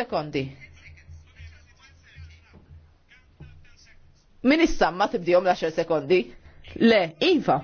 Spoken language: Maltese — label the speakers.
Speaker 1: Sekondi. Min issa ma tibdihom l-10 sekondi?
Speaker 2: Le, Iva.